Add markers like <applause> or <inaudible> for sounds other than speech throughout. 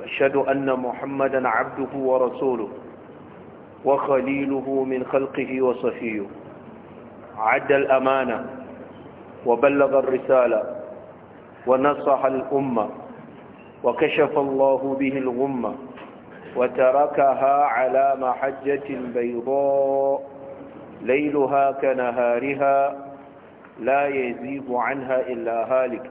واشهد ان محمدا عبده ورسوله وخليله من خلقه وصفيه عد الامانه وبلغ الرساله ونصح الامه وكشف الله به الغمه وتركها على محجه بيضاء ليلها كنهارها لا يزيغ عنها الا هالك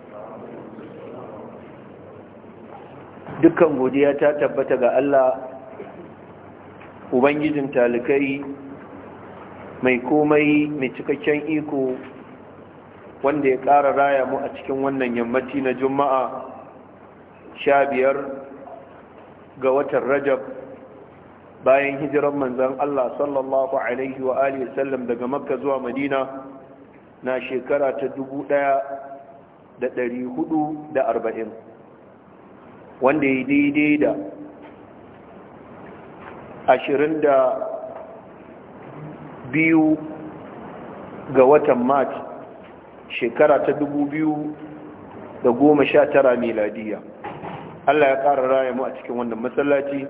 dukkan godiya ta tabbata ga Allah ubangijin talikai mai komai mai cikakken iko wanda ya ƙara raya mu a cikin wannan yammaci na juma'a sha biyar ga watan rajab bayan hijiran manzan Allah sallallahu alaihi wa alihi sallam daga makka zuwa madina na shekara ta dubu ɗaya da ɗari ɗari hudu arba'in. wanda ya daidai da ashirin da biyu ga watan mat shekara ta dubu biyu da goma sha tara meladiya allah ya ƙara raya mu a cikin wannan matsalaci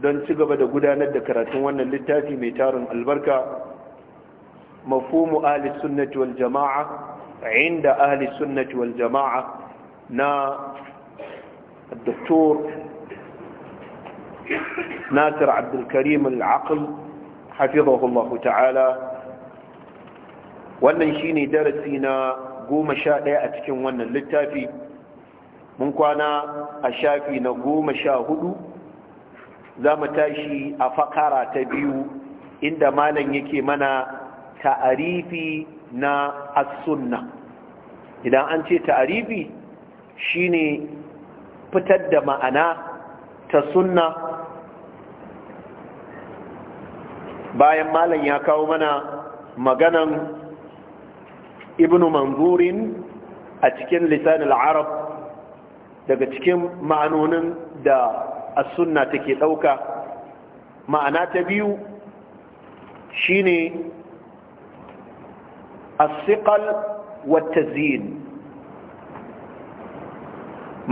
don ci gaba da gudanar da karatun wannan littafi mai tarin albarka مفهوم أهل السنة والجماعة inda أهل السنة jama'a na. الدكتور ناصر عبد الكريم العقل حفظه الله تعالى wannan shine darasi na goma sha ɗaya a cikin wannan littafi mun kwana a shafi na goma sha hudu za mu tashi a fakara ta biyu inda malam yake mana ta'arifi na as-sunna idan an ce ta'arifi shine fitar da ma'ana ta sunna bayan malam ya kawo mana maganan ibnu manzurin a cikin lisanin arab daga cikin ma'anonin da as-sunna take ɗauka ma'ana ta biyu shine as-siqal wa tazyin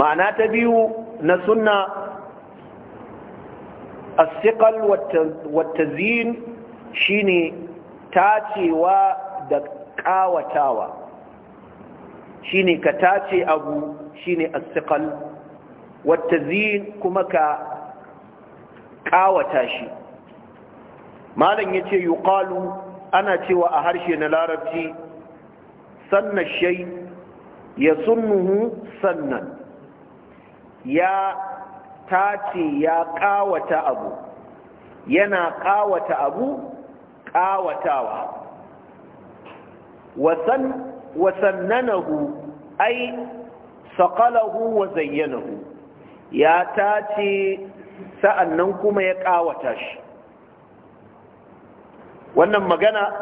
ma'ana ta biyu na sunna asiqal shi shine tacewa da kawatawa shine ka tace abu shine asiqal wattazin kuma ka kawata shi malam yace yuqalu ana cewa a harshe na larabci sannan shay yasunnuhu sannan ya tace ya ƙawata abu yana ƙawata abu ƙawatawa wasannanahu ai saƙalahu wa zayyanahu ya tace sa'annan kuma ya ƙawata shi wannan magana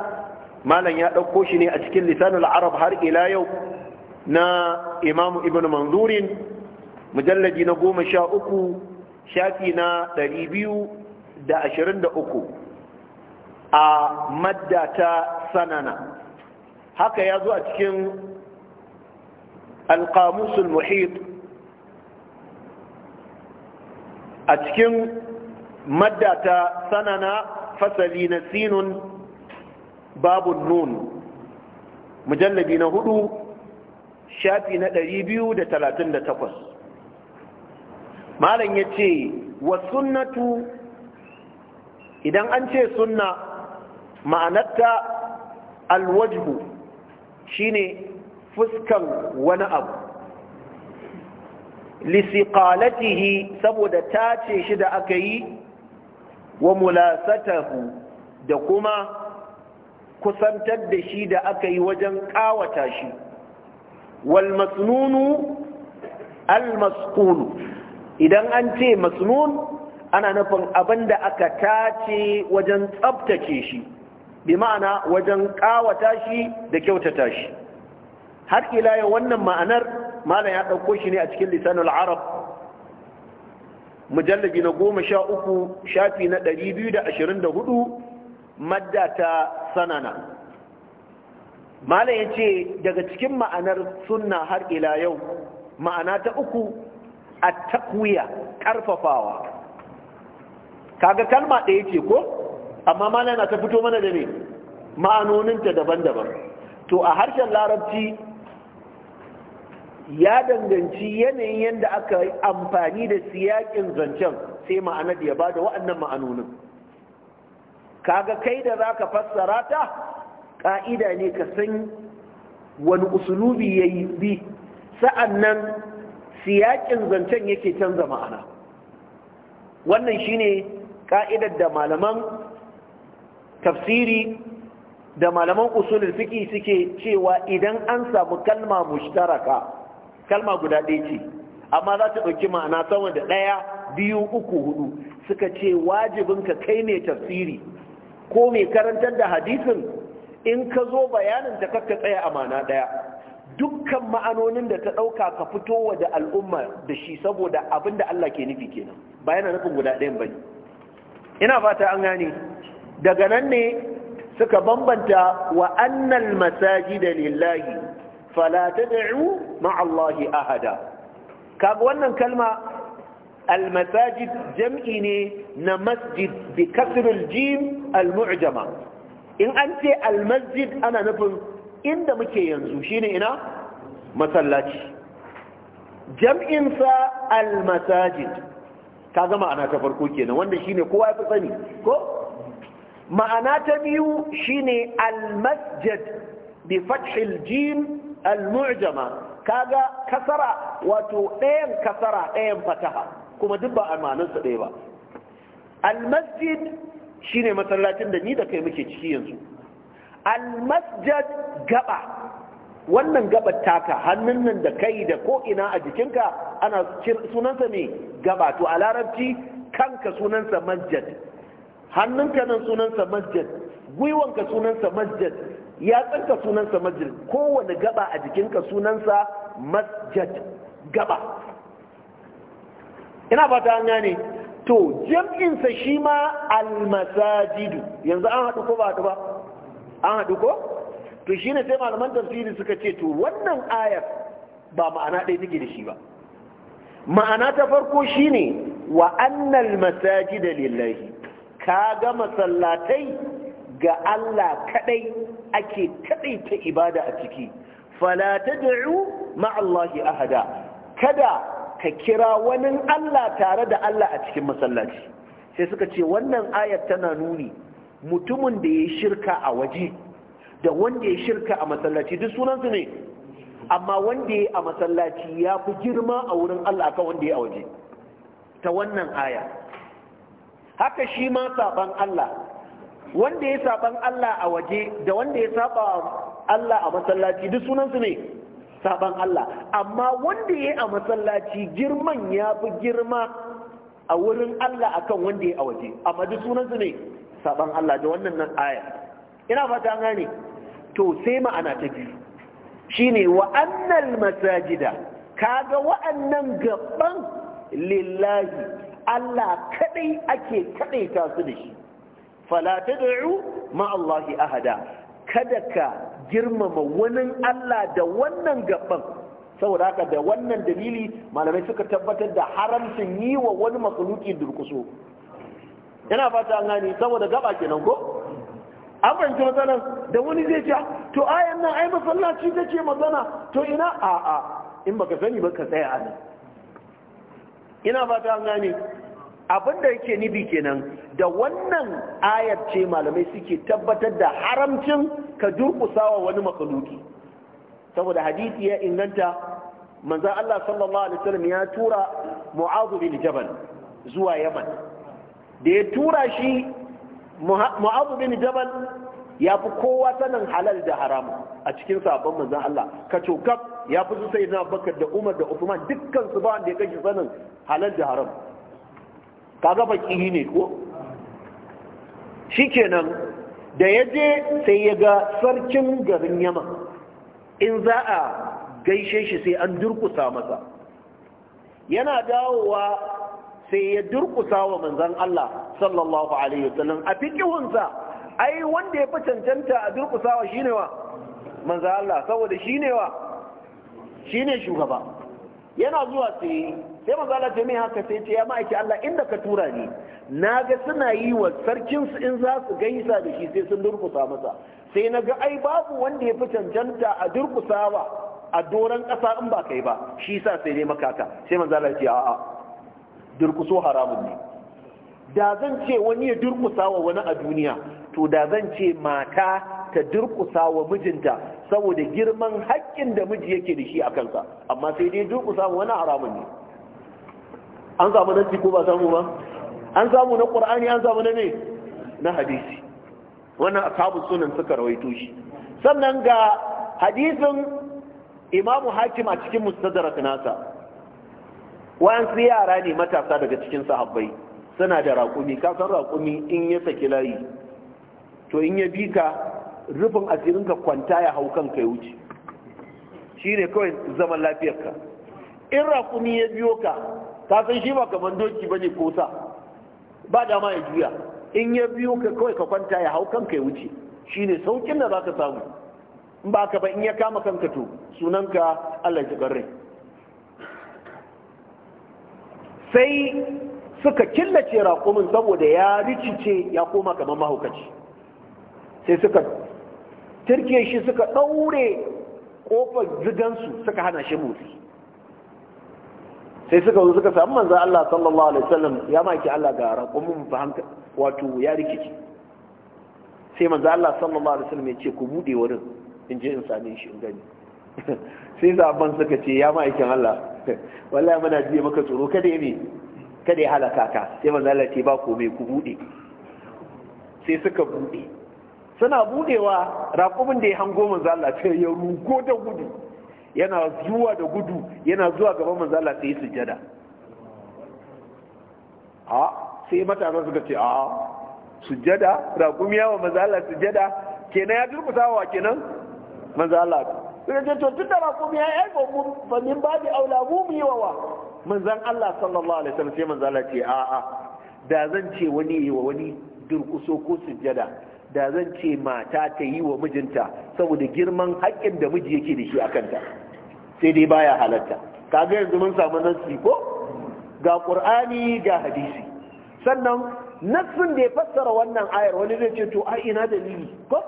malam ya ɗauko shi ne a cikin lisanul arab har ila yau na imamu ibn manzurin mujalladi na goma sha uku shafi na ɗari biyu da ashirin da uku a madda ta sanana haka ya zo a cikin alƙamusul muhit a cikin madda ta sanana fasali na sinun babun nun mujallabi na hudu shafi na ɗari biyu da talatin da takwas malam ya ce wa sunnatu idan an ce sunna ma'anarta alwajhu shine fuskan wani abu lisiqalatihi saboda ta ce shi da aka yi wa mulasatahu da kuma kusantar da shi da aka yi wajen ƙawata shi wal masnunu al masqulu idan an ce masnun ana nufin abin da aka tace wajen tsabtace shi bi ma'ana wajen ƙawata shi da kyautata shi har ila yau wannan ma'anar malam ya ɗauko shi ne a cikin lisanul arab mujallabi na goma sha uku shafi na ɗari biyu da ashirin da hudu madda ta sanana malam ya ce daga cikin ma'anar sunna har ila yau ma'ana ta uku at-taqwiya karfafawa kaga kalma ɗaya ce ko amma mana na ta fito mana da ne ma'anoninta daban-daban to a harshen larabci ya danganci yanayin yadda aka yi amfani da siyakin zancen sai ma'anar ya bada wa'annan ma'anonin kaga kai da za ka fassara ta ƙa'ida ne ka san wani usulubi ya yi bi sa'annan siyakin zancen yake canza ma'ana wannan shine ka'idar da malaman tafsiri da malaman usulul fiqi suke cewa idan an samu kalma mushtaraka kalma guda ɗaya ce amma za ta ɗauki ma'ana sama da ɗaya biyu uku hudu suka ce wajibin ka kai ne tafsiri ko mai karantar da hadisin in ka zo bayanin ta kakka tsaya a ma'ana ɗaya dukkan ma'anonin da ta ɗauka ka fito wa da al'umma da shi saboda abin da Allah ke nufi kenan ba yana nufin guda ɗayan ba ne ina fata an gane daga nan ne suka bambanta wa annal masajida lillahi fala tad'u ma'allahi ahada kaga wannan kalma almasajid jam'i ne na masjid bi kasrul jim almu'jama in an ce almasjid ana nufin inda muke yanzu shine ina masallaci jam'insa al-masajid ka gama ana ta farko kenan wanda shine kowa ya fi sani ko ma'ana ta biyu shine al-masjid bi fathil jin al kaga kasara wato ɗayan kasara ɗayan fataha kuma duk ba a ma'anarsa ɗaya ba al-masjid shine masallacin da ni da kai muke ciki yanzu almasjad gaba wannan gaba taka hannun nan da kai da koina a jikinka ana sunansa mai gaba to a larabci kanka sunansa masjad hannunka nan sunansa masjid gwiwanka sunansa masjid tsanka sunansa masjid kowane gaba a jikinka sunansa masjid gaba ina fata hanya ne. to jam'insa shi ma almasajidu yanzu an haɗu ko ba haɗu ba an haɗu ko to shi ne sai malaman tafsiri suka ce to wannan ayar ba ma'ana ɗaya take da shi ba ma'ana ta farko shi ne wa annal masaji da lillahi ka ga masallatai ga Allah kaɗai ake kaɗai ta ibada a ciki fala ta da'u ma'allahi ahada kada ka kira wani Allah tare da Allah a cikin masallaci sai suka ce wannan ayar tana nuni mutumin da ya shirka a waje da wanda ya shirka a masallaci duk sunansu ne amma wanda ya a masallaci ya fi girma a wurin Allah akan wanda ya a waje ta wannan aya haka shi ma saban Allah wanda ya saban Allah a waje da wanda ya saba Allah a masallaci duk sunansu ne saban Allah amma wanda ya a masallaci girman ya fi girma a wurin Allah akan wanda ya a waje amma duk sunansu ne saban Allah da wannan nan aya ina fata an gane to sai ma'ana ta biyu shine wa annal masajida kaga wa'annan gaban lillahi Allah kadai ake kadaita su da shi fala tad'u ma Allah ahada kada ka girmama wani Allah da wannan gaban saboda haka da wannan dalili malamai suka tabbatar da haramcin yi wa wani makhluki durkuso yana fata an gani saboda gaba kenan ko an fahimci matsalar da wani zai ce to ayan nan ai masallaci ta ce magana to ina a a in baka sani ba ka tsaya a nan ina fata an gani abin da yake nibi kenan da wannan ayar ce malamai suke tabbatar da haramcin ka durkusawa wani makaluki saboda hadisi ya inganta manzan Allah sallallahu alaihi wasallam ya tura mu'adhu bin jabal zuwa yaman da ya tura shi mu'abu bin jabal ya fi kowa sanin halal da haramu a cikin sabon manzan Allah ka cokab ya fi sai na bakar da umar da usman dukkan su ba wanda ya kashi sanin halal da haram kaga kihi ne ko shikenan da ya je sai ya ga sarkin garin yaman in za a gaishe shi sai an durkusa masa yana dawowa sai ya durkusa wa manzan Allah sallallahu alaihi wasallam a fikihunsa ai wanda ya fi cancanta a wa shine wa Manzan Allah saboda shine wa shine shugaba yana zuwa sai sai manzan Allah ta mai haka sai ce ya ma'aiki Allah inda ka tura ni na ga suna yi wa sarkin su in za su gaisa da shi sai sun durkusa masa sai na ga ai babu wanda ya fi cancanta a wa a doron ƙasa in ba kai ba shi sa sai ne makaka sai manzan Allah ya ce a'a durkuso haramun ne da zan ce wani ya durkusa wa wani a duniya to da zan ce mata ta durkusa wa mijinta saboda girman haƙƙin da miji yake da shi a kansa amma sai dai durkusa wa wani haramun ne an samu nasi ko ba samu ba an samu na ƙur'ani an samu na ne na hadisi wannan ashabu sunan suka rawaito shi sannan ga hadisin imamu hakim a cikin mustadrak nasa wa'ansu yara ne matasa daga cikin sahabbai suna da raƙumi ka san raƙumi in ya saki layi to in ya bi ka rufin asirinka kwanta ya hau kanka ya wuce shi ne kawai zaman lafiyarka in raƙumi ya biyo ka ka san shi ba kamar doki ba ne kosa ba dama ya juya in ya biyo ka kawai ka kwanta ya hau kanka ya wuce shi ne saukin da za ka samu in ba ka ba in ya kama kanka to sunanka allah ya ji sai suka killace raƙumin saboda ya rikice ya koma kamar mahaukaci sai suka turke shi suka ɗaure ƙofar zigansu suka hana shi motsi sai suka zo suka samu manzan Allah sallallahu alaihi wasallam ya maki Allah ga raƙumin fahimta wato ya rikice sai manzan Allah sallallahu alaihi wasallam ya ce ku buɗe wurin in je in same shi in gani <laughs> sai zaɓen suka ce ya ma'aikin Allah <laughs> wallahi muna jiya maka tsoro kada ya ne kada ya halaka ka sai manzo Allah ce ba mai ku bude sai suka bude suna budewa raƙumin da ya hango manzo Allah ce ya rugo da gudu yana zuwa da gudu yana zuwa gaban manzo Allah sai sujada a sai matasa suka ce a sujada raƙumi wa manzo Allah sujada kenan ya durkusa wa kenan manzo Allah suka ce to tunda ba kuma ya aiko mu fa min aula mu mu yi wa manzon Allah sallallahu alaihi wasallam sai manzon Allah ce a'a da zan ce wani yi wa wani durkuso ko sujjada da zan ce mata ta yi wa mijinta saboda girman haƙƙin da miji yake da shi a kanta sai dai baya halatta kaga yanzu mun samu nassi ko ga qur'ani ga hadisi sannan nassin da ya fassara wannan ayar wani zai ce to ai ina dalili ko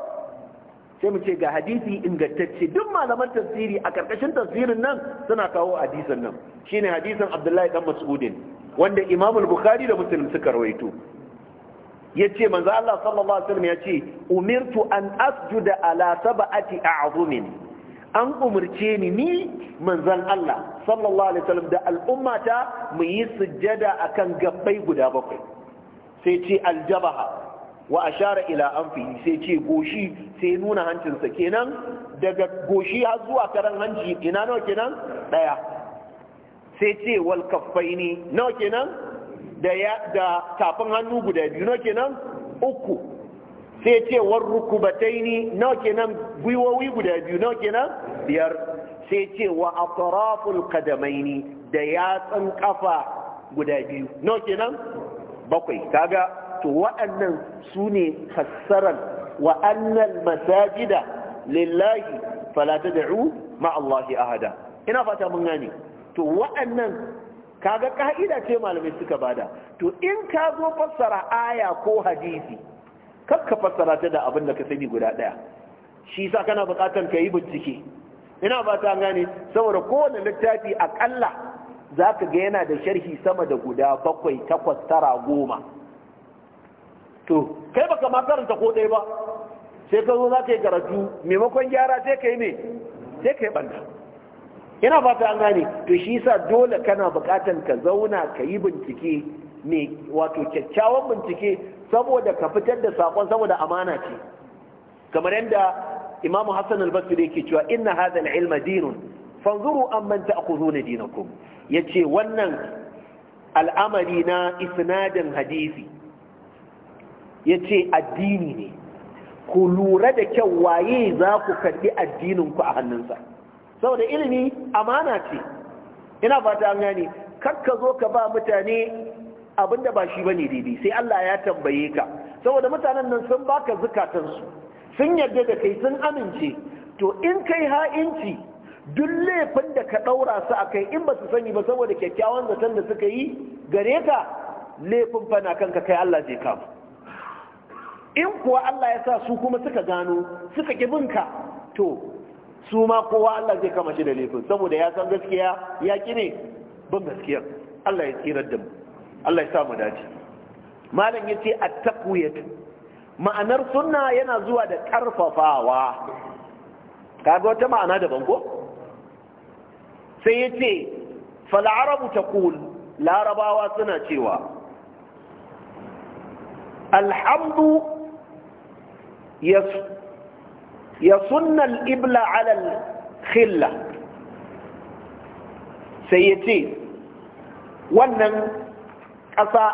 sai mu ce ga hadisi ingantacce duk malaman tafsiri a karkashin tafsirin nan suna kawo hadisin nan shine hadisin Abdullahi dan Mas'udin wanda Imam bukhari da Muslim suka rawaito yace manzo Allah sallallahu alaihi wasallam yace umirtu an asjuda ala sab'ati a'zumin an umurce ni ni manzon Allah sallallahu alaihi wasallam da al'ummata mu yi sujjada akan gabbai guda bakwai sai ce aljabaha wa ashara ila anfihi sai ce goshi sai nuna hancinsa kenan daga goshi har zuwa karan hanci ina nawa kenan daya sai ce wal kaffaini nawa kenan da da tafin hannu guda biyu nawa kenan uku sai ce war rukubataini nawa kenan gwiwowi guda biyu nawa kenan biyar sai ce wa atraful qadamaini da yatsan kafa guda biyu nawa kenan bakwai kaga to waɗannan su ne fassarar wa'annan masajida lillahi fala da'u ma'allahi ahada ina fata mun gane to waɗannan kaga ka'ida ce malamai suka bada to in ka zo fassara aya ko hadisi kar ka fassara ta da abin da ka sani guda ɗaya shi sa kana buƙatar ka yi bincike ina fata gane saboda kowane littafi aƙalla za ka ga yana da sharhi sama da guda bakwai takwas tara goma to kai baka ma ko ɗaya ba sai ka zo za ka yi karatu maimakon gyara sai ka yi ne sai ka yi yana fata an gane to shi sa dole kana buƙatan ka zauna ka yi bincike mai wato kyakkyawan bincike saboda ka fitar da saƙon saboda amana ce kamar yadda imam hassan Basir da yake cewa inna hadal ilma dinun fanzuru an manta a amman ta'khudhuna dinakum ce wannan al'amari na isnadin hadisi ya ce addini ne ku lura da kyau waye za ku karɓi addininku a hannunsa saboda ilimi amana ce ina fata an gane karka zo ka ba mutane abinda ba shi bane daidai sai Allah ya tambaye ka saboda mutanen nan sun baka zukatansu sun yarda da kai sun amince to in kai ha'inci duk laifin da ka ɗaura su a kai in ba su sani ba saboda kyakkyawan zaton da suka yi gare ka laifin fana kanka kai Allah zai kama in kuwa Allah ya sa su kuma suka gano suka ki binka to su ma kowa Allah zai kama shi da laifin saboda ya san gaskiya ya ƙi ne ban gaskiya. Allah ya tsirar da mu Allah ya sa mu dace malam yace a taqwiyat ma'anar sunna yana zuwa da ƙarfafawa kaga wata ma'ana da ko sai ya yace falarabu ta kul, larabawa suna cewa alhamdu ya sunna ibla ala khilla sai ya ce wannan ƙasa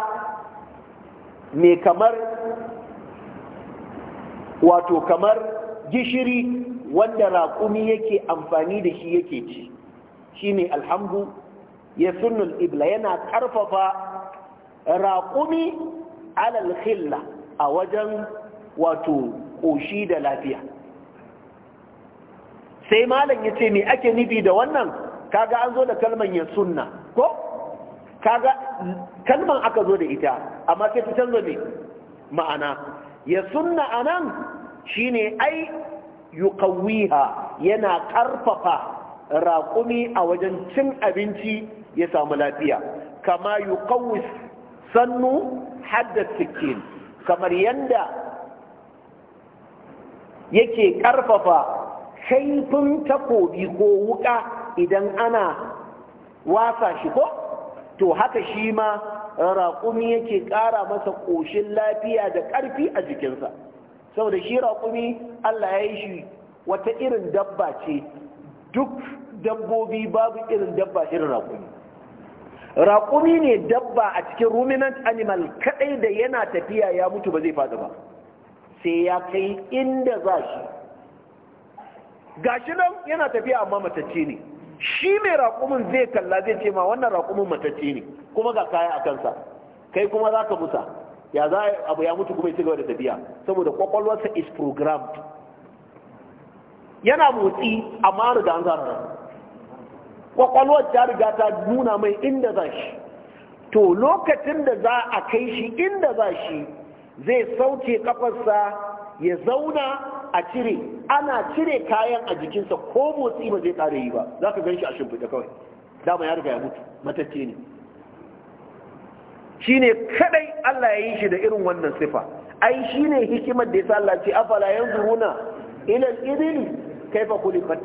mai kamar wato kamar gishiri wanda raƙumi yake amfani da shi yake ci shi ne alhamdu ya sunnul ibla yana ƙarfafa raƙumi alal khilla a wajen wato ƙoshi da lafiya sai malam ya ce me ake nufi da wannan kaga an zo da kalman ya sunna ko kaga kalman aka zo da ita amma sai ta canza me ma'ana ya sunna anan shine ai yuqawwiha yana ƙarfafa raƙumi a wajen cin abinci ya samu lafiya kama yuqawwis sannu hadda kamar yadda. yake karfafa kaifin takobi ko wuƙa idan ana wasa shi ko to haka shi ma raƙumi yake ƙara masa ƙoshin lafiya da ƙarfi a jikinsa saboda shi raƙumi Allah ya yi shi wata irin dabba ce duk dabbobi babu irin dabba irin raƙumi raƙumi ne dabba a cikin ruminant animal kaɗai da yana tafiya ya mutu ba zai faɗi ba sai ya kai inda za shi gashi nan yana tafiya amma matacce ne shi mai raƙumin zai kalla zai ce ma wannan raƙumin matacce ne kuma ga kaya a kansa kai kuma za ka musa ya za abu ya mutu kuma ya cigaba da tafiya saboda kwakwalwarsa is programmed yana motsi amma riga an zara kwakwalwar ta riga ta nuna mai inda za shi to lokacin da za a kai shi inda za shi zai sauke kafarsa ya zauna a cire ana cire kayan a jikinsa ko motsi ba zai kare yi ba za ka gan shi a shimfiɗa kawai dama ya riga ya mutu matacce ne Shi ne kadai Allah ya yi shi da irin wannan sifa ai shi ne hikimar da ya sa Allah ce afala yanzuruna ila al-ibli kaifa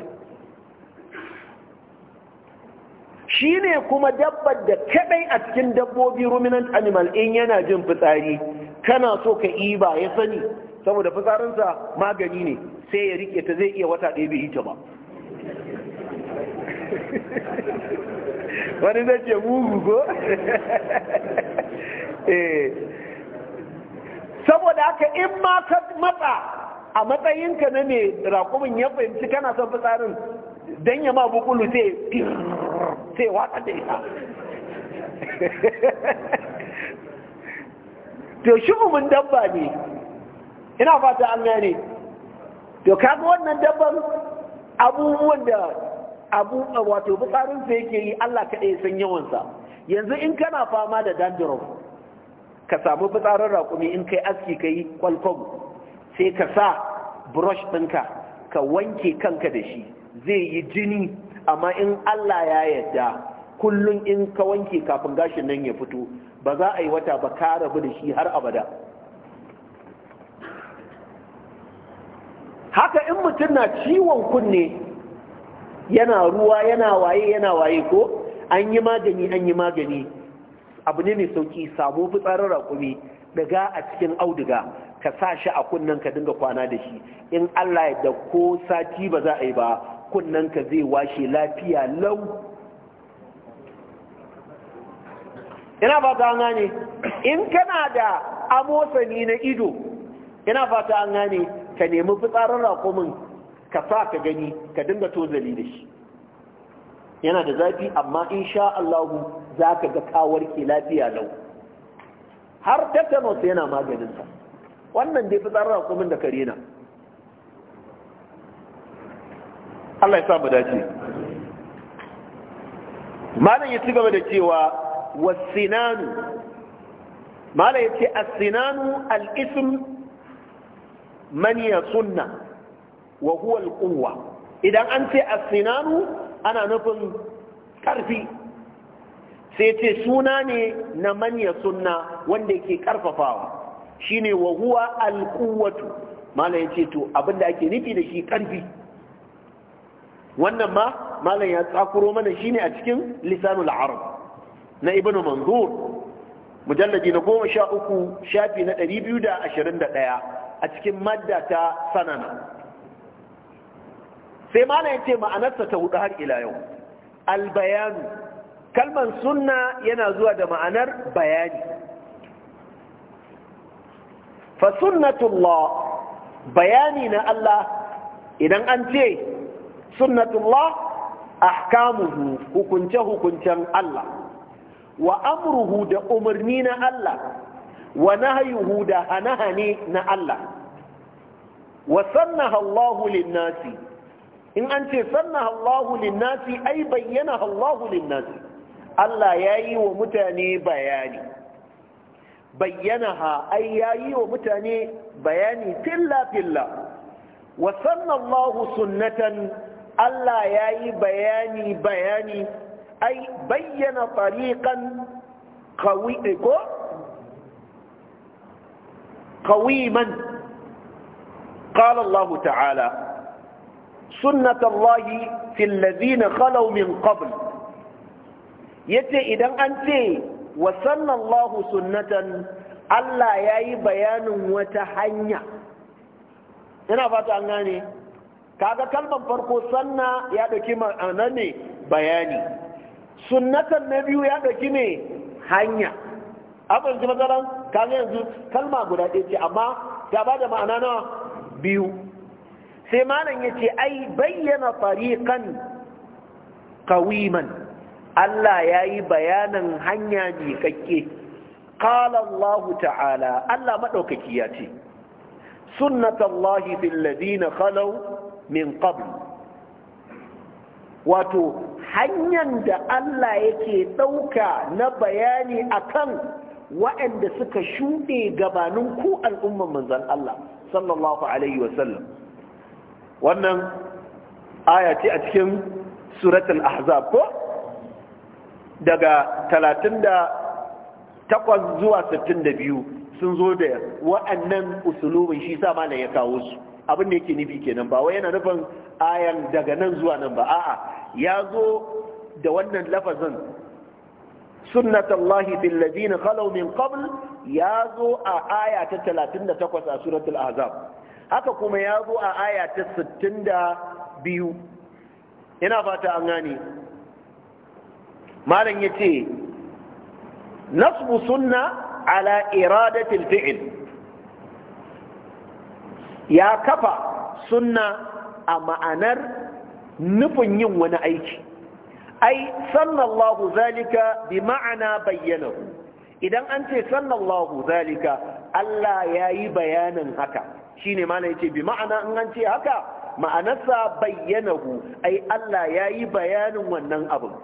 shi ne kuma dabbar da kadai a cikin dabbobi ruminant animal in yana jin fitsari kana so ka iba ya sani saboda fitsarinsa magani ne sai ya rike ta zai iya wata ɗaya bai ta ba wani zai ce mugu ko? <laughs> Eh. saboda haka in ma ka matsa a matsayinka na ne rakumin ya fahimci kana son fitsarin don ya ma bukulu sai <laughs> sai watsa da ita <laughs> to shubumin dabba ne ina fata an gane to kaga wannan dabban abubuwan da abu wato bukarin sa yake yi Allah kaɗai san yawansa yanzu in kana fama da dandruff ka samu fitsarin raƙumi in kai aski kai kwalkwam sai ka sa brush ɗinka ka wanke kanka da shi zai yi jini amma in Allah ya yarda kullum in ka wanke kafin gashin nan ya fito ba za a yi wata ba ka rabu da shi har abada haka in mutum na ciwon kunne yana ruwa yana waye yana waye ko an yi magani an yi magani abu ne mai sauki samu fitsarin rakumi daga a cikin auduga ka sa shi a kunnen ka dinga kwana da shi in allah ya da ko sati ba za a yi ba kunnen ka zai washe lafiya lau ina fata an gane in kana da amosani na ido ina fata an gane ka nemi fitsarin rakumin ka sa ka gani ka dinga tozali da shi yana da zafi amma in sha Allahu za ka ga kawar ke lafiya lau har tetanus yana maganinsa wannan dai fitsarin rakumin da kare na Allah ya sa mu dace malam ya ci gaba da cewa wasinanu mala ya ce asinanu al'isim maniya sunna wa huwal kuwa idan an ce asinanu ana nufin ƙarfi sai ce suna ne na manya sunna wanda ke ƙarfafawa shine wa huwa alkuwatu mala ya ce to abinda ake nufi da shi ƙarfi wannan ma malam ya tsakuro mana shine a cikin lisanul arab na ibnu manzur mujalladi na goma sha uku shafi na ɗari biyu da ashirin da ɗaya a cikin madda ta sanana sai mana ya ce ma'anarsa ta hudu har ila yau albayanu kalman sunna yana zuwa da ma'anar bayani fa sunnatullah bayani na Allah idan an ce sunnatullah ahkamuhu hukunce-hukuncen Allah wa amruhu da umarni na Allah wa nahyuhu da hanahane na Allah wa sannaha Allahu linnasi in an ce sannaha Allahu linnasi ai bayyana Allahu linnasi Allah ya yi wa mutane bayani bayyanaha ai ya yi wa mutane bayani filla filla wa sanna Allahu sunnatan Allah ya yi bayani bayani ai bayyana tariqan qawi ko qawiman qala ta'ala sunnat Allah fi alladhina khalaw min qabl yace idan an ce wa sunnatan Allah yayi bayanin wata hanya ina fata an gane kaga kalmar farko sanna ya ɗauki ma'ana ne bayani sunnatan na biyu ya ɗauki ne hanya abin ji matsalan kaga yanzu kalma guda ɗaya ce amma ta ba da ma'ana na biyu sai malam ya ce ai bayyana kan kawiman Allah ya yi bayanin hanya miƙaƙƙe قال الله تعالى ألا مدوككياتي سنة الله في الذين خلوا من قبل واتو hanyar da Allah yake ɗauka na bayani akan waɗanda suka shuɗe gabanin ku al'umman manzan Allah sallallahu alaihi wasallam wannan ayati a cikin suratul ahzab ko daga 38 zuwa 62 sun zo da waɗannan usulubin shi sa malam ya kawo su abin da yake nufi kenan ba wai yana nufin ayan daga nan zuwa nan ba a'a ya zo da wannan lafazin sunnatullahi bil ladina khalu min qabl ya zo a aya ta 38 a suratul ahzab haka kuma ya zo a aya ta 62 ina fata an gane malam yace nasbu sunna ala iradatil fi'l ya kafa sunna a ma'anar nufin yin wani aiki ai sallallahu zalika bi ma'ana bayyanahu idan an ce sallallahu zalika Allah ya yi bayanin haka ne mana ce bi ma'ana in an ce haka ma'anarsa bayyanahu ai Allah ya yi bayanin wannan abin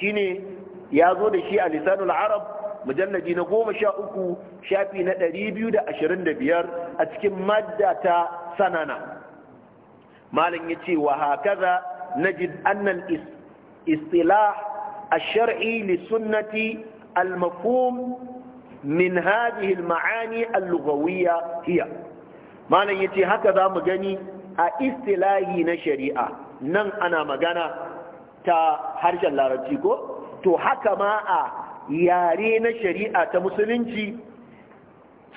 shine ya zo da shi a lisanul arab Mujallaji na goma sha uku shafi na ɗari biyu da ashirin da biyar a cikin madda ta sanana malin ya ce wa hakaza najid annal istilah الشرعي للسنة المفهوم من هذه المعاني اللغوية هي malam ya ce haka za mu gani a istilahi na shari'a nan ana magana ta harshen larabci ko to haka ma a yare na shari'a ta musulunci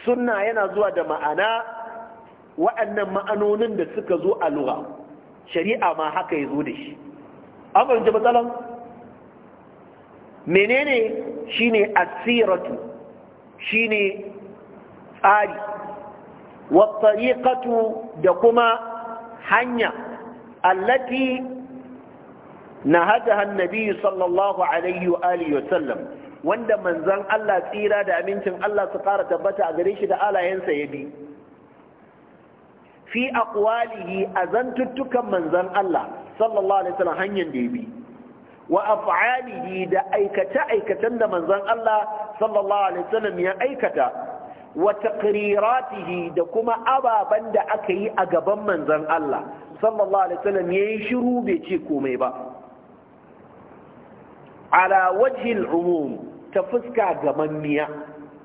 suna yana zuwa da ma'ana waɗannan ma'anonin da suka zo a lura shari'a ma haka ya zo da shi an fahimci matsalan menene shine asiratu shine tsari wattariqatu da kuma hanya allati na hada hannabi sallallahu alaihi wa sallam wanda manzon Allah tsira da amincin Allah su ƙara tabbata a gare shi da alayensa ya bi fi a zantuttukan manzan Allah sallallahu alaihi wasallam hanyar da ya bi wa af'alihi da aikata aikatan da manzan Allah sallallahu alaihi wasallam ya aikata wa taqriratihi da kuma ababan da aka yi a gaban manzon Allah sallallahu alaihi wasallam yayi shiru bai ce komai ba ala wajhi al-umum ta fuska ga manniya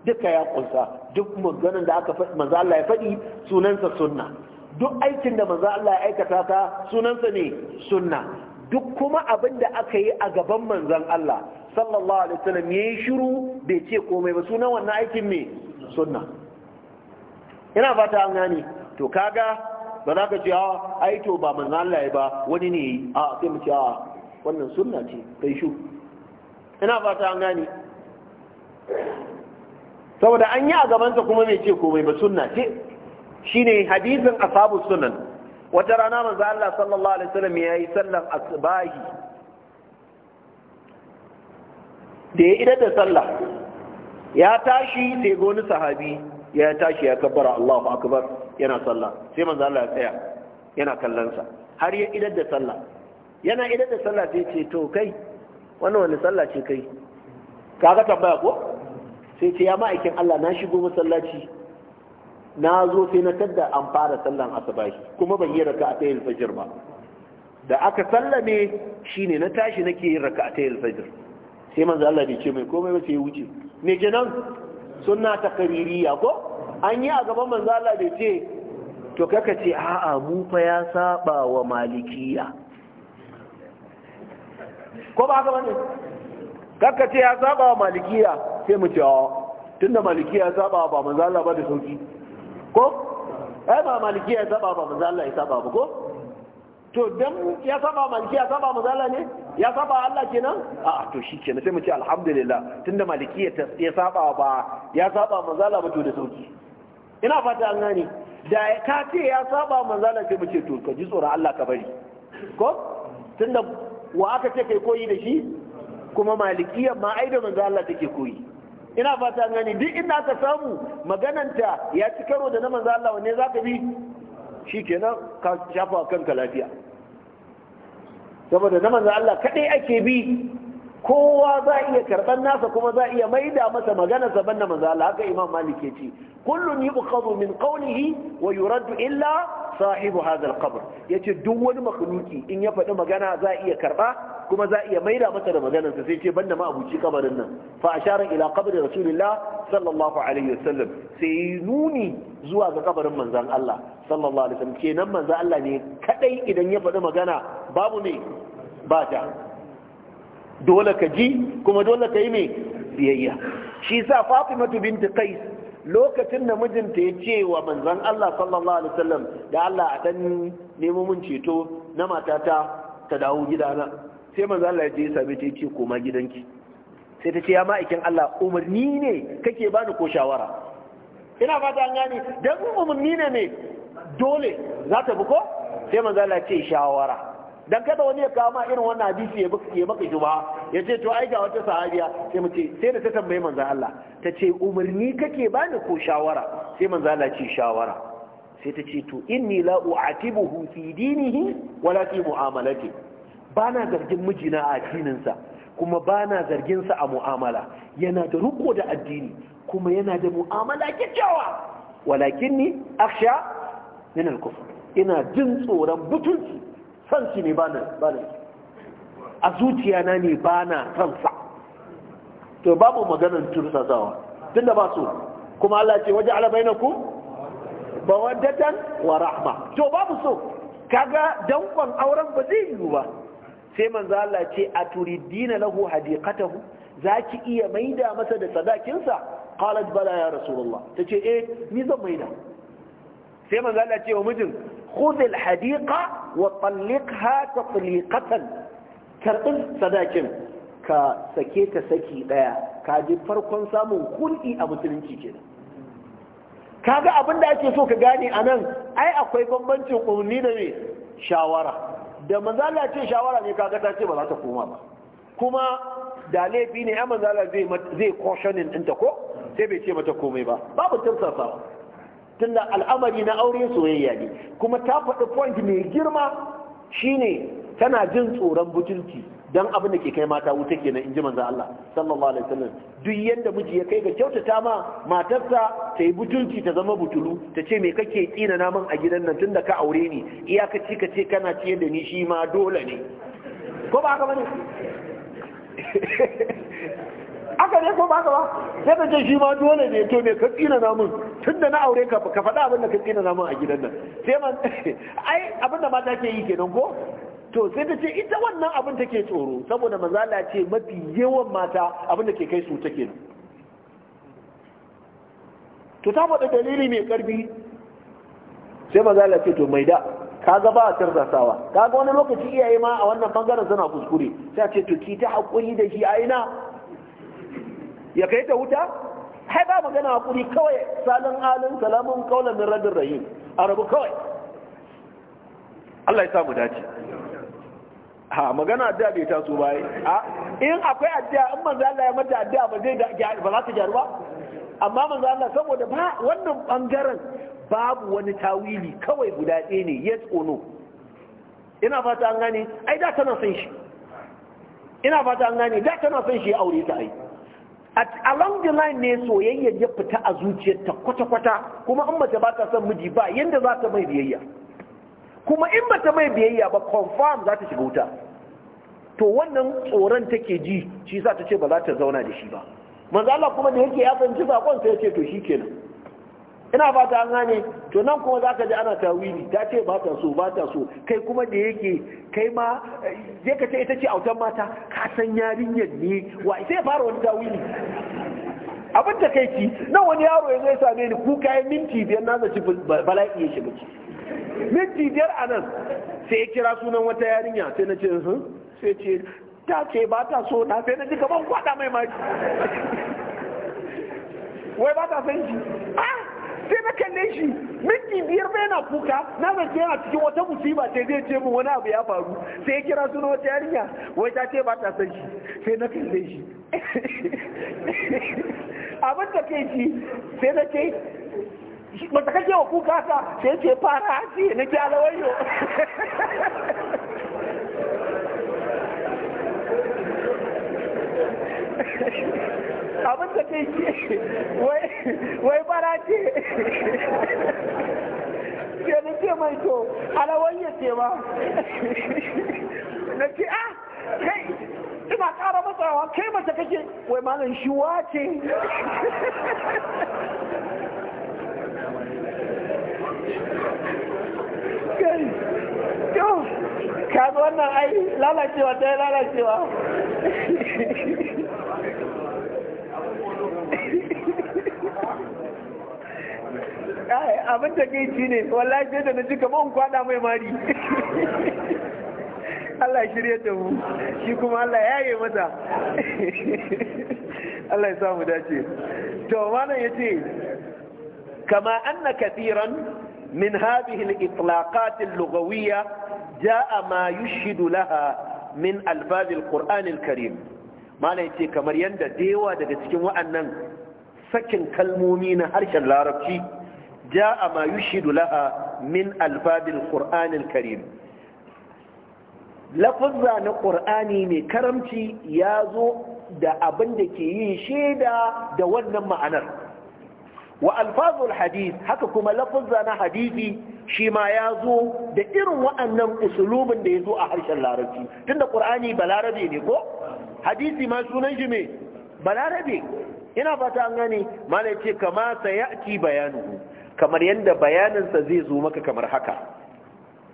duka ya kunsa duk maganin da aka faɗi manzo Allah ya faɗi sunansa sunna duk aikin da manzo Allah ya aikata ta sunansa ne sunna duk kuma abin da aka yi a gaban manzan Allah sallallahu alaihi wasallam yayi shiru bai ce komai ba sunan wannan aikin me sunna ina fata an gane to kaga ba za ka ce a ah, ai to ba manzon Allah ya ba wani ne a sai mu ce a ah, wannan sunna ce kai shiru ina fata an gane saboda an yi a gabanta kuma mai ce komai ba sunna ce shine hadisin ashabu sunan wata rana manzo Allah sallallahu alaihi wasallam yi sallar asbahi da ya idar da sallah ya tashi sai goni sahabi ya tashi ya kabbara Allahu akbar yana sallah sai manzo Allah ya tsaya yana kallonsa har ya idar da sallah yana idar da sallah sai ce to kai wannan wani sallah ce kai kaga tambaya ko sai ce ya ma'aikin Allah na shigo masallaci na zo sai na tadda an fara sallan asabahi kuma ban yi raka a tsayin fajir ba da aka sallame ne na tashi nake yi raka a tsayin fajir sai manzo Allah bai ce mai komai ba sai ya wuce me kenan sunna ta kaririya ko an yi a gaban manzo Allah bai ce to kaka ce a'a mu fa ya saba wa malikiya ko ba haka bane kakka ce ya saba wa malikiya sai mu cewa tunda malikiya ya saba ba manzo Allah ba da sauki ko ai ba malikiya ya saba ba manzo Allah ya saba ba ko to dan ya saba malikiya ya saba manzo Allah ne ya saba Allah kenan a to shi kenan sai mu ce alhamdulillah tunda malikiya ya saba ba ya saba manzo Allah ba to da sauki ina fata an gane da ka ce ya saba manzo Allah sai mu ce to ka ji tsoron Allah ka bari ko tunda wa aka ce kai koyi da shi kuma malikiya ma ai da manzo Allah take koyi ina fata gani duk inda aka samu magananta ya ci karo da na manzo Allah wanne zaka bi shikenan ka shafa kanka lafiya saboda na manzo Allah kadai ake bi kowa za iya karɓar nasa kuma za iya maida masa magana saban na maza haka Imam Malik ya ce yi yuqadu min qawlihi wa yuraddu illa sahibu hadal al yace duk wani makhluki in ya faɗi magana za iya karɓa kuma za iya maida masa da maganarsa sai ce banda ma abuci kabarin nan fa ashara ila qabri rasulillah sallallahu alaihi wasallam sai nuni zuwa ga kabarin manzan Allah sallallahu alaihi wasallam kenan manzan Allah ne kadai idan ya faɗi magana babu ne ba ta dole ka ji kuma dole ka yi mai biyayya shi sa fatimatu binta kai lokacin da mijinta ya ce wa manzon Allah sallallahu alaihi wasallam da Allah a dan nemo mun ceto na matata ta dawo gidana sai manzon Allah ya je ya ta ce koma gidanki sai ta ce ya ma'aikin Allah umarni ne kake bani ko shawara ina fata an gane dan umarni ne ne dole za ta bi ko sai manzon Allah ce shawara dan kada wani ya kama irin wannan hadisi ya ya maka shubha ya ce to ai ga wata sahabiya sai mu ce sai da ta tambaye manzo Allah ta ce umarni kake bani ko shawara sai manzo Allah ce shawara sai ta ce to inni la u'atibuhu fi dinihi wala fi mu'amalati bana zargin mijina a addininsa kuma bana zargin sa a mu'amala yana da riko da addini kuma yana da mu'amala kyakkyawa walakinni akhsha min al-kufr ina jin tsoron butunci sansu ne ba na a zuciya na ne ba na sansa to babu maganar tun tunda ba su kuma Allah ce waje ku ba wadatan wa rahma to babu so kaga dankon auren ba zai yiwu ba sai manzo Allah ce a dina lahu hadiqatahu zaki iya maida masa da sadakinsa qalat bala ya rasulullah tace eh ni zan maida sai manzo Allah ce wa mijin خذ الحديقة وطلقها تطليقة كرب sadakin ka sake ta saki ɗaya ka farkon samun hulɗi a musulunci Ka ga abin da ake so ka gane a nan ai akwai bambancin umarni da me shawara da manzala ce shawara ne kaga ta ce ba za ta koma ba kuma da laifi ne ya manzala zai zai cautioning ɗinta ko sai bai ce mata komai ba babu tumsarsawa tunda al'amari na aure soyayya ne kuma ta faɗi point mai girma shine tana jin tsoron butulci dan abin da ke kai mata wuta kenan inji manzo Allah sallallahu alaihi wasallam duk yadda miji ya kai ga kyautata ma matarsa ta yi butulci ta zama butulu ta ce me kake tsina na min a gidan nan tunda ka aure ni iyakaci ka ce kana ciyar da ni shi ma dole ne ko ba haka bane <laughs> aka ne ko baka ba sai da ce shi ma dole ne to me ka tsina na mun tun da na aure ka ka faɗa abin da ka tsina na mun a gidan nan sai man <laughs> ai abin da mata ke yi kenan ko to sai ta ce ita wannan abin take tsoro saboda mazala ce mafi yawan mata abin da ke kai su take nan to ta faɗa dalili mai ƙarfi sai mazala ce to mai da kaga ba a tarzasawa kaga wani lokaci iyaye ma a wannan bangaren suna kuskure sai ce to ki ta haƙuri da shi a ina ya kai ta wuta hai ba magana kuri kawai salin halin salamun kaulan min rabin rayu a rabu kawai Allah ya samu dace ha magana addu'a bai taso ba a in akwai addu'a in manzo Allah ya mata addu'a ba zai ba za ta gyaru ba amma manzo Allah saboda ba wannan bangaren babu wani tawili kawai guda ɗaya ne yes or no ina fata an gane ai da tana son shi ina fata an gane da tana son shi aure ta ai along the line ne soyayya ya fita a zuciyarta kwata-kwata kuma in mace ba ta son miji ba yadda za ta mai biyayya kuma in bata mai biyayya ba confirm za ta shiga wuta to wannan tsoron take ji shi za ta ce ba za ta zauna da shi ba manzo kuma da yake ya fahimci sakon sai ya ce to shi kenan. ina ba ta gane to nan kuma za ka ji ana tawili ta ce ba ta so ba ta so kai kuma da yake kai ma je ka ce ita ce autan mata ka san yarinyar ne wa sai fara wani tawili abin da kai ki nan wani yaro ya zai same ni kuka yi minti biyar na zaci bala'i ya shiga ki minti biyar a nan sai ya kira sunan wata yarinya sai na ce sai ce ta ce ba ta so na sai na ji kamar kwada mai maki <laughs> wai ba ta san shi ah sai na kalle shi minti biyar bai na kuka na zance yana cikin wata musiba sai zai ce mu wani abu ya faru sai ya kira suna wata yarinya wai ta ce ba ta san shi sai na kalle shi abin da kai shi sai na ce mata kake wa kuka ka sai ce fara ce na ke alawayo Thank you. abin da ta ce wai bara ce ke da ce mai to alawai ya ce ma na ce ah kai ina kara matsawa kai mace kake wai malin shi ce kai ka wannan ai lalacewa ta lalacewa kai abin da kai ci ne wallahi sai da na ji kamar kwada mai mari Allah shirye ta mu shi kuma Allah ya yi mata Allah ya samu dace to malam yace kama anna kathiran min hadhihi al-itlaqat al-lughawiyya jaa ma yushhidu laha min albab al-Qur'an al-Karim malam yace kamar yanda yawa daga cikin wa'annan sakin kalmomi na harshen larabci جاء ما يشهد لها من ألفاظ القرآن الكريم lafazza na ƙur'ani mai karamci ya zo da abin da ke yi shaida da wannan ma'anar wa alfazul hadith haka kuma lafazza na hadithi shi ma ya zo da irin wa'annan usulubin da ya zo a harshen larabci tunda ƙur'ani balarabe ne ko hadithi ma sunan shi me balarabe ina fata an gane mana ce kama sayati bayanuhu kamar yadda bayaninsa zai zo maka kamar haka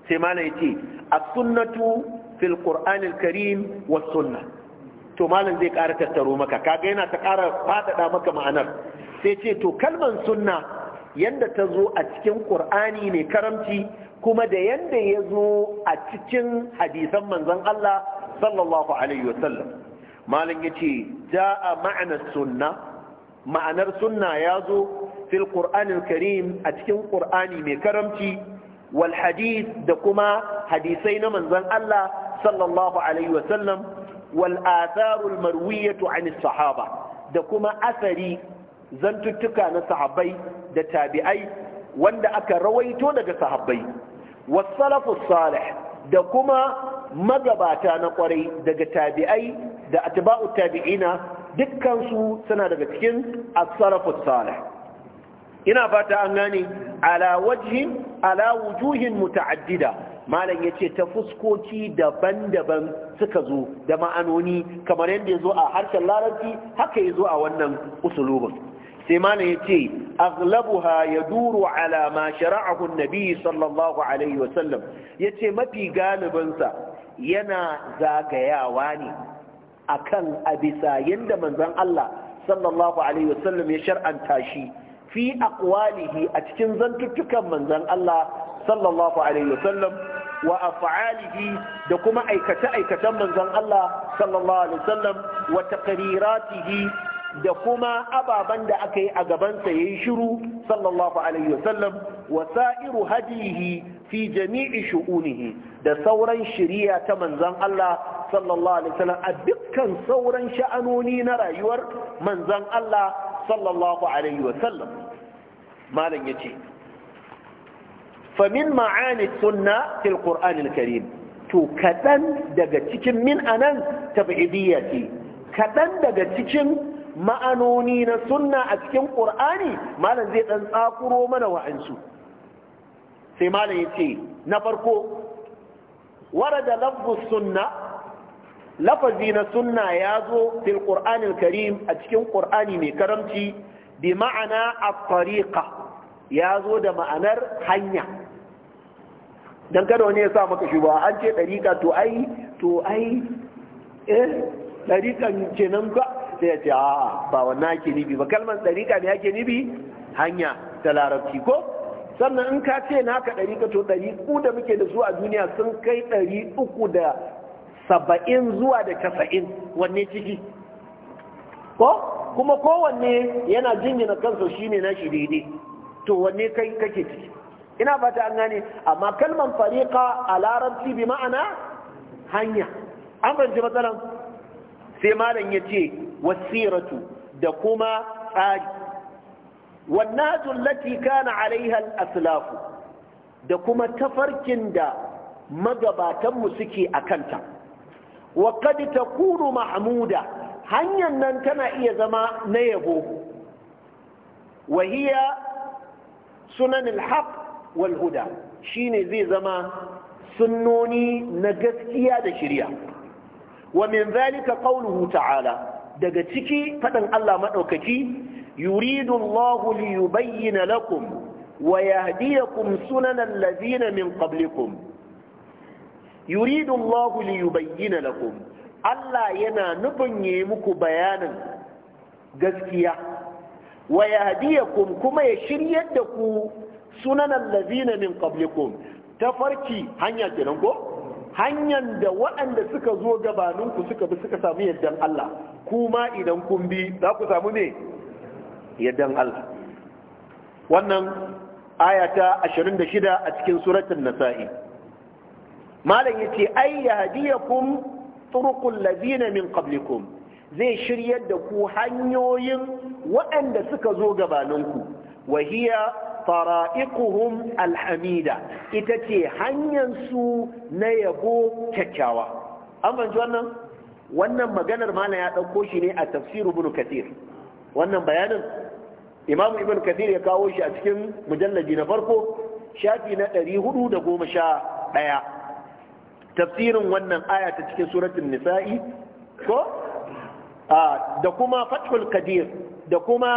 sai malam ya ce a sunnatu fil qur'anil karim sunna to malam zai ƙara tattaro maka kaga yana ta ƙara faɗaɗa maka ma'anar sai ce to kalman sunna yanda ta zo a cikin ƙur'ani ne karamci kuma da yanda ya zo a cikin hadisan manzon Allah sallallahu alaihi malam ya ce ja'a ma'anar sunna ma'anar sunna ya zo fil karim a cikin ƙur'ani mai karamci wal da kuma hadisai na manzon Allah sallallahu alaihi wa sallam wal atharul marwiyatu an sahaba da kuma asari zantuttuka na sahabai da tabi'ai wanda aka rawaito daga sahabbai was salafu salih da kuma magabata na kwarai daga tabi'ai da atba'u tabi'ina dukkansu suna daga cikin as-salafus ina fata an gane ala wajhin ala wujuhin muta'addida malam yace ta fuskoki daban-daban suka zo da ma'anoni kamar yadda yazo a harshen larabci haka yazo a wannan usulubin sai malam yace aghlabuha yaduru ala ma shara'ahu an-nabi sallallahu alaihi wasallam yace mafi galibin sa yana zagayawa ne akan abisa yanda manzon Allah sallallahu alaihi sallam, ya shar'anta shi fi aqwalihi a cikin zantuttukan manzon Allah sallallahu alaihi wasallam wa af'alihi da kuma aikace aikacen manzon Allah sallallahu alaihi wasallam wa taqriratihi da kuma ababen da aka yi a gabansa ya yi shiru sallallahu alaihi wasallam wa sa'iru hadihi fi jami'i shu'unihi da sauran shiriya ta manzan Allah sallallahu alaihi wasallam a dukkan sauran sha'anoni na rayuwar manzan Allah sallallahu alaihi wasallam malam ya ce famin ma'ani sunna fil ƙur'anil karim to kaɗan daga cikin min anan tabi'idiyya ce kaɗan daga cikin ma'anoni na sunna a cikin ƙur'ani malam zai ɗan tsakuro mana wa'ansu sai malam ya ce na farko warada lafzus sunna lafazi na sunna ya zo fil qur'anil karim a cikin qur'ani mai karamci bi ma'ana a tariqa ya zo da ma'anar hanya dan kada wani ya sa maka shuba an ce dariqa to ai to ai eh dariqan kenan ba sai ya ce a ba wannan ake nibi ba kalmar dariqa ne ake nibi hanya ta larabci ko sannan in ka ce naka dariqa to dariqu da muke da su a duniya sun kai ɗari uku da saba'in zuwa da casa'in wanne ciki ko kuma kowanne yana jingina kansa shine na shi daidai to wanne kai kake ciki ina fata an gane amma kalman fariqa a larabci bi ma'ana hanya an fahimci matsalan sai malam ya ce wasiratu da kuma tsari wannatu lati kana alaiha al-aslafu da kuma tafarkin da magabatanmu suke a kanta wa kad takunu mahmuda hanyar nan tana iya zama na yabo wa hiya sunan alhaq shine zai zama sunnoni na gaskiya da shirya wa min zalika qawluhu ta'ala daga ciki fadan Allah madaukaki yuridu Allahu li yubayyana lakum wa yahdiyakum sunan alladhina min qablikum yuridu Allahu li yubayyana lakum Allah yana nufin yi muku bayanin gaskiya wa yahdiyakum kuma ya shiryar da ku sunan allazina min qablikum farki hanya kenan ko hanyar da waɗanda suka zo gabaninku suka bi suka samu yardan Allah kuma idan kun bi za ku samu ne yardan Allah wannan ayata 26 a cikin suratul nasa'i malam yace ay yahdiyakum turuqul ladina min qablikum zai shiryar da ku hanyoyin waɗanda suka zo gabaninku wa hiya fara'iquhum alhamida ita ce hanyar su na yabo kyakkyawa an banci wannan wannan maganar malam ya ɗauko shi ne a tafsir ibn kathir wannan bayanin imamu ibn kathir ya kawo shi a cikin mujallaji na farko shafi na hudu da goma sha ɗaya. tafsirin wannan aya ta cikin suratul nisa'i ko da kuma fathul qadir da kuma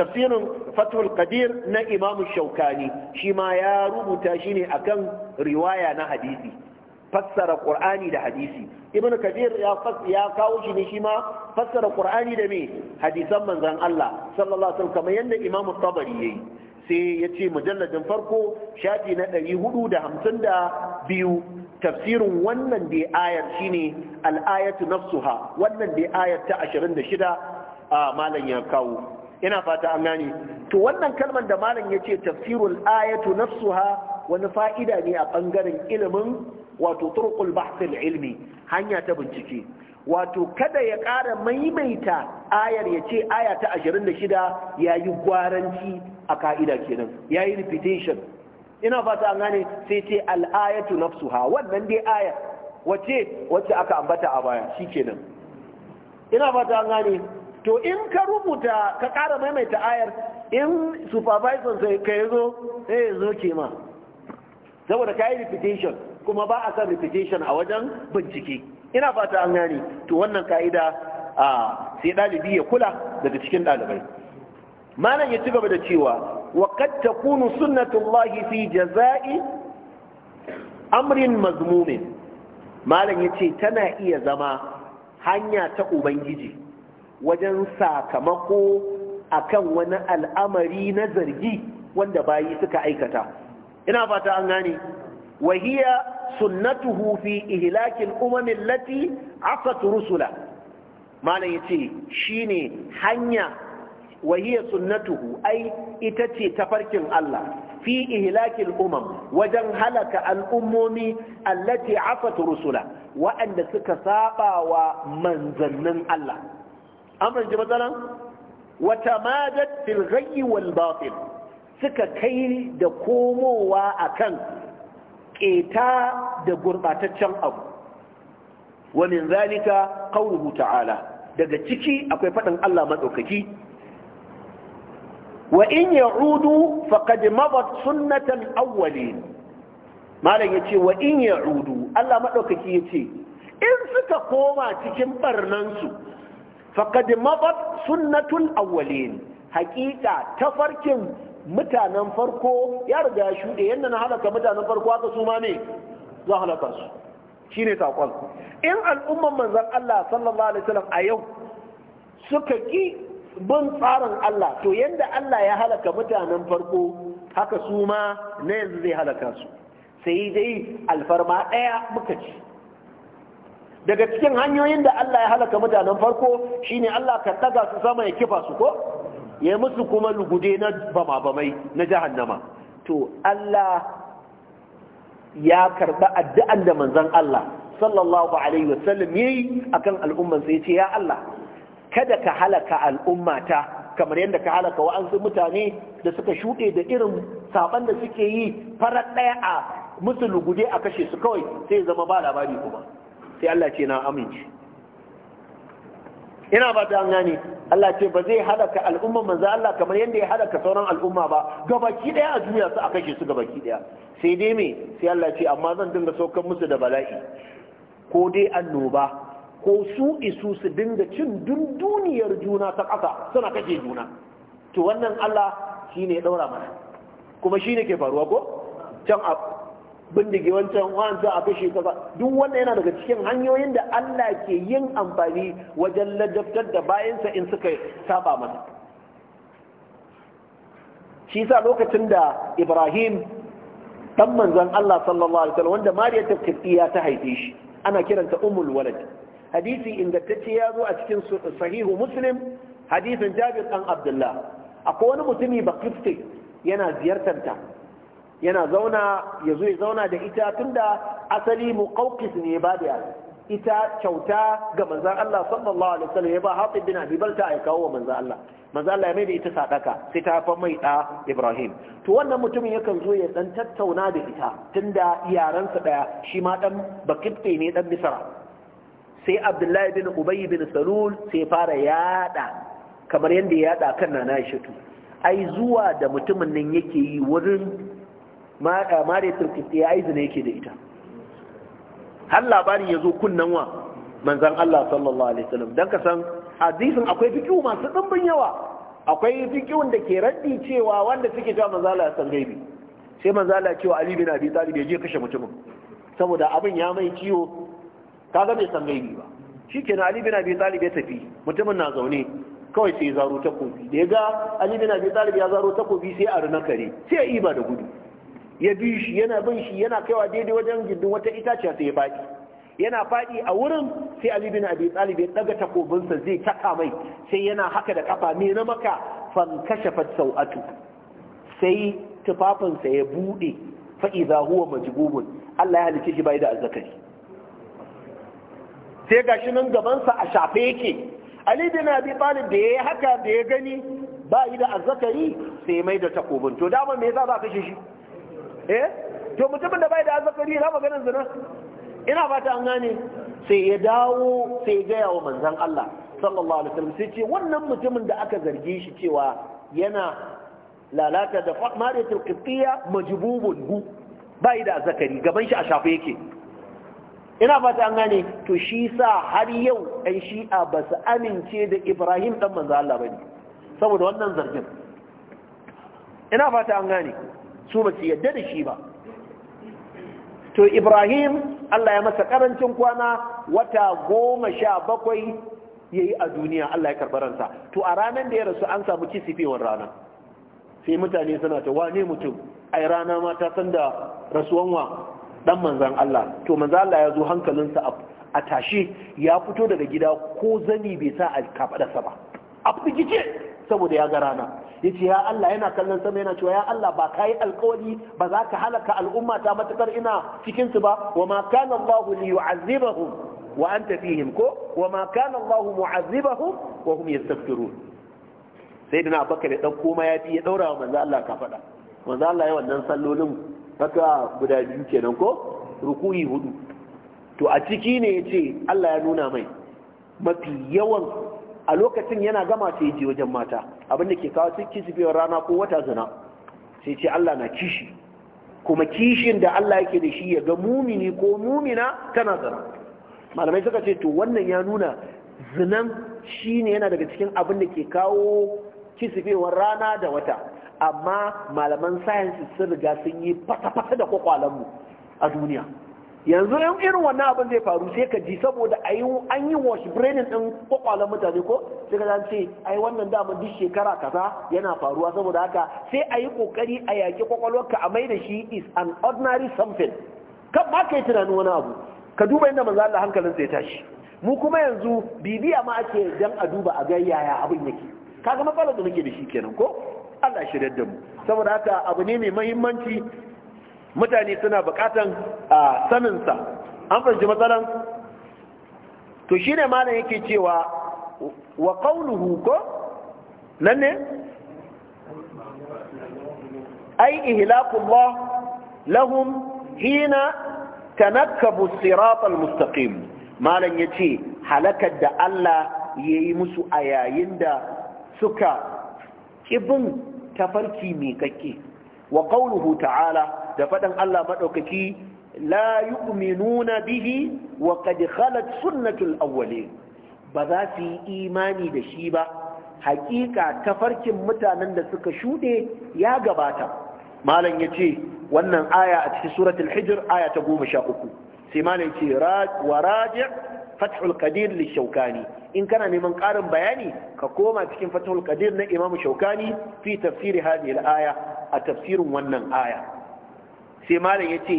tafsirin fathul qadir na imam shaukani shi ma ya rubuta shi ne akan riwaya na hadisi fassara qur'ani da hadisi ibnu kadir ya ya kawo shi ne shi ma fassara qur'ani da me hadisan manzon Allah sallallahu alaihi wasallam kamar yadda imam tabari yayi sai ya ce mujalladin farko shafi na ɗari hudu da hamsin da biyu tafsirin wannan da ayar shine al nafsuha wannan da ayar ta 26 a malam ya kawo ina fata an gane to wannan kalmar da malam ce tafsirul ayatu nafsuha wani fa'ida ne a bangaren ilimin wato turqul bahth ilmi hanya ta bincike wato kada ya ƙara maimaita ayar ya ce aya ta 26 yayi gwaranci a ka'ida kenan yayi repetition ina fata an gane sai ce al'ayatu nafsuha wannan dai aya wace wacce aka ambata a baya shikenan ina fata an gane to in ka rubuta ka ƙara maimaita ayar in supervisor sai ka yi zo sai ya zo ke ma saboda ka yi repetition kuma ba a san repetition a wajen bincike ina fata an gane to wannan ka'ida a sai ɗalibi ya kula daga cikin ɗalibai malam ya ci gaba da cewa وقد تكون سنة الله في جزاء أمر مذموم ما لن يتي تنا إيا زما هنيا تأبنجي وجنسا كمقو أكن ونا الأمري نزرجي وان دباي سكا أيكتا إنا فاتا أنغاني وهي سنته في إهلاك الأمم التي عصت رسله malam ya ce shi ne hanya wa hiya sunnatuhu ai ita ce ta farkin Allah fi ihlakil umam wajen halaka al'ummomi allati afat rusula wa'anda suka saba wa manzannin Allah an fahimci matsalan wa tamadat fil suka kai da komowa akan ƙeta da gurbataccen abu wa min zalika qawluhu ta'ala daga ciki akwai faɗin Allah maɗaukaki wa in ya'udu faqad madat sunnatal awwalin malam yace wa in ya'udu Allah maɗaukaki ya ce. in suka koma cikin ɓarnansu, su faqad madat sunnatul awwalin hakika farkin mutanen farko ya riga ya shuɗe yadda na halaka mutanen farko haka su ma ne za halaka su shi ne saƙon in al'umman manzan Allah sallallahu alaihi wasallam a yau suka ƙi bin tsarin Allah to yadda Allah ya halaka mutanen farko haka su ma na yanzu zai halaka su sai dai alfarma ɗaya muka ci daga cikin hanyoyin da Allah ya halaka mutanen farko shine Allah ka daga su sama ya kifa su ko ya musu kuma lugude na bama-bamai na jahannama to Allah ya karba addu'an da manzon Allah sallallahu alaihi wasallam yayi akan al'umman sai ya ce ya Allah kada ka halaka al'ummata kamar yadda ka halaka wa'ansu mutane da suka shuɗe da irin saban da suke yi farar ɗaya a musu lugude a kashe su kawai sai zama ba labari kuma sai Allah ce na amince ina ba ta gane Allah ce ba zai halaka al'umma manzo Allah kamar yadda ya halaka sauran al'umma ba gabaki ɗaya a duniya su a kashe su gabaki ɗaya. sai dai me sai Allah ce amma zan dinga saukan musu da bala'i ko dai annoba ko su isu su dinga cin duniyar juna ta ƙasa suna kashe juna to wannan Allah shi ne ɗaura mana kuma shi ne ke faruwa ko can a bindige wancan wancan a kashe kaza duk wanda yana daga cikin hanyoyin da Allah ke yin amfani wajen ladabtar da bayansa in suka saba mana. shi sa lokacin da Ibrahim dan manzon Allah sallallahu alaihi wasallam wanda Mariya ta ta haife shi ana kiranta ummul walad hadisi ingantacci ya zo a cikin sahihu muslim hadisin jabir dan abdullah akwai wani mutumi ba kifte yana ziyartarta yana zauna ya zo ya zauna da ita tunda asali muqawqis ne ba da ita kyauta ga manzan Allah sallallahu alaihi wasallam ya ba Hatib bin Abi Balta ya kawo manzan Allah manzan Allah ya mai da ita sadaka sai ta fa mai da Ibrahim to wannan mutumin yakan zo ya dan tattauna da ita tunda yaransa daya shi ma dan bakifte ne dan Misra sai abdullahi bin ubayi bin salul sai fara yada kamar yadda ya yada kan nana aishatu ai zuwa da mutumin nan yake yi wurin mare turkisti ya ne yake da ita har labarin ya zo kunnan wa manzan Allah sallallahu alaihi wasallam don ka san hadisin akwai fikihu masu ɗumbin yawa akwai fikihun da ke raddi cewa wanda suke cewa manzo Allah ya san gaibi sai manzo Allah cewa Ali bin Abi Talib ya je kashe mutumin saboda abin ya mai ciwo kaga bai san gaibi ba shikenan ali bin abi talib ya tafi mutumin na zaune kawai sai zaro takobi da ya ga ali bin abi talib ya zaro takobi sai a runa kare sai ya iba da gudu ya bi shi yana bin shi yana kaiwa daidai wajen gindin wata itaciya sai ya faɗi yana faɗi a wurin sai ali bin abi talib ya daga takobinsa zai taka mai sai yana haka da kafa me na maka fan kashafat sau'atu sai tufafinsa ya bude fa idza huwa majbubun Allah ya halice shi bai da azzakari sai ga shi nan gabansa a shafe yake ali bin abi talib da yayi haka da ya gani ba yi da azzakari sai mai da takobin to dama me yasa za ka shi eh to mutumin da bai da azzakari na maganar zina ina fata an gane sai ya dawo sai ya gaya wa manzon Allah sallallahu alaihi wasallam sai ce wannan mutumin da aka zarge shi cewa yana lalata da fatmaratul qibtiyya majbubun hu bai da azzakari gaban shi a shafe yake ina fata an gane to shi sa har yau ɗan shi'a ba su amince da ibrahim ɗan manzo Allah ba ne saboda wannan zargin ina fata an gane su ba su yadda da shi ba to ibrahim Allah ya masa karancin kwana wata goma sha bakwai ya yi a duniya Allah ya karɓi ransa to a ranar da ya rasu an samu kisifewar rana sai mutane suna ta wane mutum ai rana ma ta san da dan manzan Allah to manzan Allah ya zo hankalinsa a tashe ya fito daga gida ko zani bai sa a kafadarsa ba a firgice saboda ya ga rana ya ce ya Allah yana kallon sama yana cewa ya Allah ba ka yi alkawari ba za ka halaka al'umma ta matakar ina cikinsu ba wa ma kana Allah li yu'azzibahum wa anta fihim ko wa ma kana Allah mu'azzibahum wa hum yastaghfirun sai dana abakar ya dauko ma ya fi ya daura wa manzo Allah ka faɗa manzo Allah ya wannan sallolin haka guda biyu kenan ko ruku'i hudu to a ciki ne ya ce Allah ya nuna mai mafi yawan a lokacin yana gama sai ya je wajen mata abinda ke kawo sai rana ko wata zina sai ce Allah na kishi kuma kishin da Allah yake da shi ya ga mumini ko mumina tana zina malamai suka ce to wannan ya nuna zinan shi ne yana daga cikin abin da ke kawo kisibewar rana da wata amma malaman sayansu sun riga sun yi fata-fata da kwakwalenmu a duniya yanzu yan irin wannan abin zai faru sai ka ji saboda an yi wash brainin din kwakwalen mutane ko sai ka zan ai wannan damar duk shekara kaza yana faruwa saboda haka sai a yi kokari a yaƙi ka a mai da shi is an ordinary something kan ba ka yi tunanin wani abu ka duba inda manzo Allah hankalin zai tashi mu kuma yanzu bibiya ma ake dan a duba a ga yaya abin yake kaga matsalar da nake da shi kenan ko Allah shi da mu saboda haka abu ne mai mahimmanci mutane suna bukatan a saninsa an fahimci matsalan to shi ne malam yake cewa wa qawluhu ko nan ne ai ihlakullah lahum hina tanakkabu sirat mustaqim. malam yace halakar da Allah ya yi musu a yayin da suka kibin tafarki miƙaƙƙe wa qawluhu ta'ala da faɗan Allah maɗaukaki la yu'minuna bihi wa qad khalat sunnatul awwalin ba za su yi imani da shi ba hakika tafarkin mutanen da suka shuɗe ya gabata malam yace wannan aya a cikin suratul hijr aya ta 13 sai malam yace wa raji' fathul qadir li shaukani in kana neman ƙarin bayani ka koma cikin fathul qadir na Imam shaukani fi tafsiri hadhihi al-aya a tafsirin wannan aya sai malam ya ce,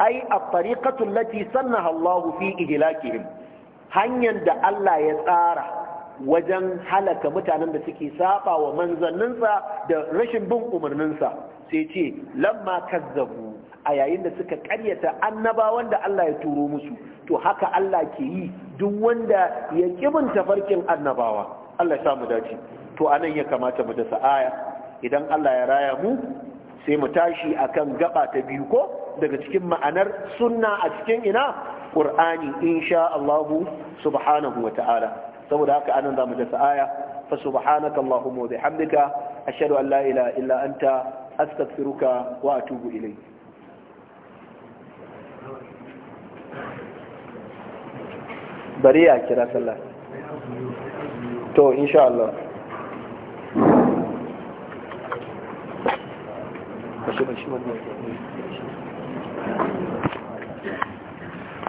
ai at-tariqatu allati sannaha Allahu fi ihlakihim hanyar da Allah ya tsara wajen halaka mutanen da suke saba wa manzanninsa da rashin bin umarninsa sai ce lamma kazzabu a yayin da suka karyata annabawan da Allah ya turo musu to haka Allah ke yi duk wanda ya kibin tafarkin annabawa Allah ya samu dace to anan ya kamata mu dasa aya idan Allah ya raya mu sai mu tashi akan gaba ta biyu ko daga cikin ma'anar sunna a cikin ina qur'ani insha Allah subhanahu wa ta'ala saboda haka anan zamu dasa aya fa subhanaka allahumma wa bihamdika ashhadu an la ilaha illa anta astaghfiruka wa atubu ilayk bari ya kira sallah to insha Allah